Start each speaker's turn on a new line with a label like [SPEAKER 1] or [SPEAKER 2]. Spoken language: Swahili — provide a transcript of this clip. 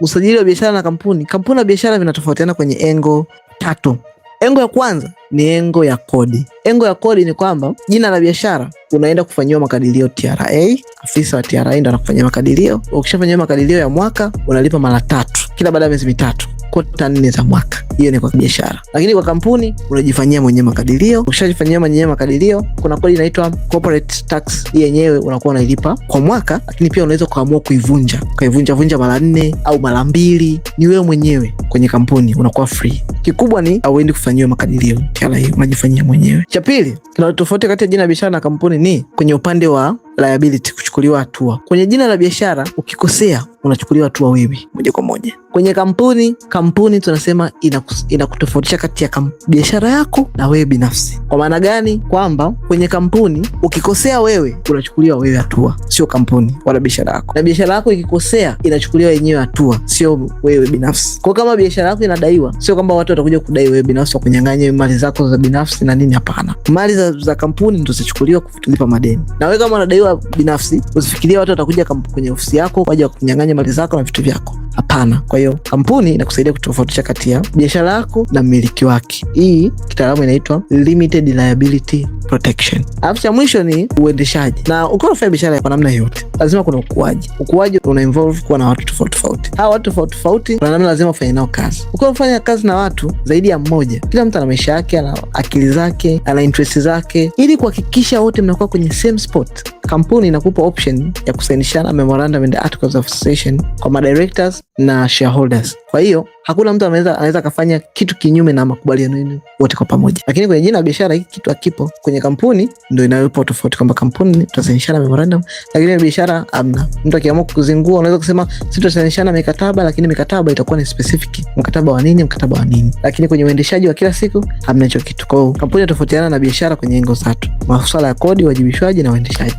[SPEAKER 1] usajili wa biashara na kampuni. Kampuni na biashara vinatofautiana kwenye engo tatu. Engo ya kwanza ni engo ya kodi. Engo ya kodi ni kwamba jina la biashara unaenda kufanyiwa makadirio TRA. Afisa wa TRA ndo anakufanyia makadirio. Ukishafanyia makadirio ya mwaka unalipa mara tatu, kila baada ya miezi mitatu kota nne za mwaka. Hiyo ni kwa biashara, lakini kwa kampuni unajifanyia mwenyewe makadirio. Ukishajifanyia mwenyewe makadirio, kuna kodi inaitwa corporate tax, yenyewe unakuwa unailipa kwa mwaka, lakini pia unaweza ukaamua kuivunja ukaivunja vunja mara nne au mara mbili, ni wewe mwenyewe kwenye kampuni unakuwa free. Kikubwa ni auendi kufanyiwa makadirio, unajifanyia mwenyewe. Cha pili kinatofauti kati ya jina la biashara na kampuni ni kwenye upande wa liability, kuchukuliwa hatua. Kwenye jina la biashara ukikosea unachukuliwa tu wewe moja kwa moja kwenye kampuni. Kampuni tunasema inakutofautisha kati ya biashara yako na wewe binafsi. Kwa maana gani? Kwamba kwenye kampuni ukikosea wewe unachukuliwa wewe hatua, sio kampuni wala biashara yako, na biashara yako ikikosea inachukuliwa yenyewe hatua, sio wewe binafsi. Kwa kama biashara yako inadaiwa, sio kwamba watu watakuja kudai wewe binafsi, wakunyang'anya mali zako za binafsi na nini. Hapana, mali za, za kampuni ndo zitachukuliwa kulipa madeni, na wewe kama unadaiwa binafsi usifikirie watu watakuja kwenye ofisi yako waja wakunyang'anya mali zako na vitu vyako pana. Kwa hiyo kampuni inakusaidia kutofautisha kati ya biashara yako na mmiliki wake. Hii kitaalamu inaitwa limited liability protection. Alafu cha mwisho ni uendeshaji, na ukiwa unafanya biashara kwa namna yote lazima kuna ukuaji. Ukuaji una involve kuwa na watu tofauti tofauti. Hawa watu tofauti tofauti kuna namna lazima ufanye nao kazi. Ukiwa unafanya kazi na watu zaidi ya mmoja, kila mtu ana maisha yake, ana akili zake, ana interest zake, ili kuhakikisha wote mnakuwa kwenye same spot kampuni inakupa option ya kusainishana memorandum and articles of association kwa madirectors na shareholders. Kwa hiyo hakuna mtu anaweza akafanya kitu kinyume na makubaliano yenu wote kwa pamoja, lakini kwenye jina la biashara hiki kitu hakipo. Kwenye kampuni ndo inayopo tofauti kwamba kampuni tutasainishana memorandum, lakini biashara amna. Mtu akiamua kuzingua, unaweza kusema si tutasainishana mikataba, lakini mikataba itakuwa ni specific, mkataba wa nini, mkataba wa nini. Lakini kwenye uendeshaji wa kila siku hamna hicho kitu. Kwa hiyo kampuni tofautiana na biashara kwenye engo tatu: masuala ya kodi, wajibishwaji na uendeshaji.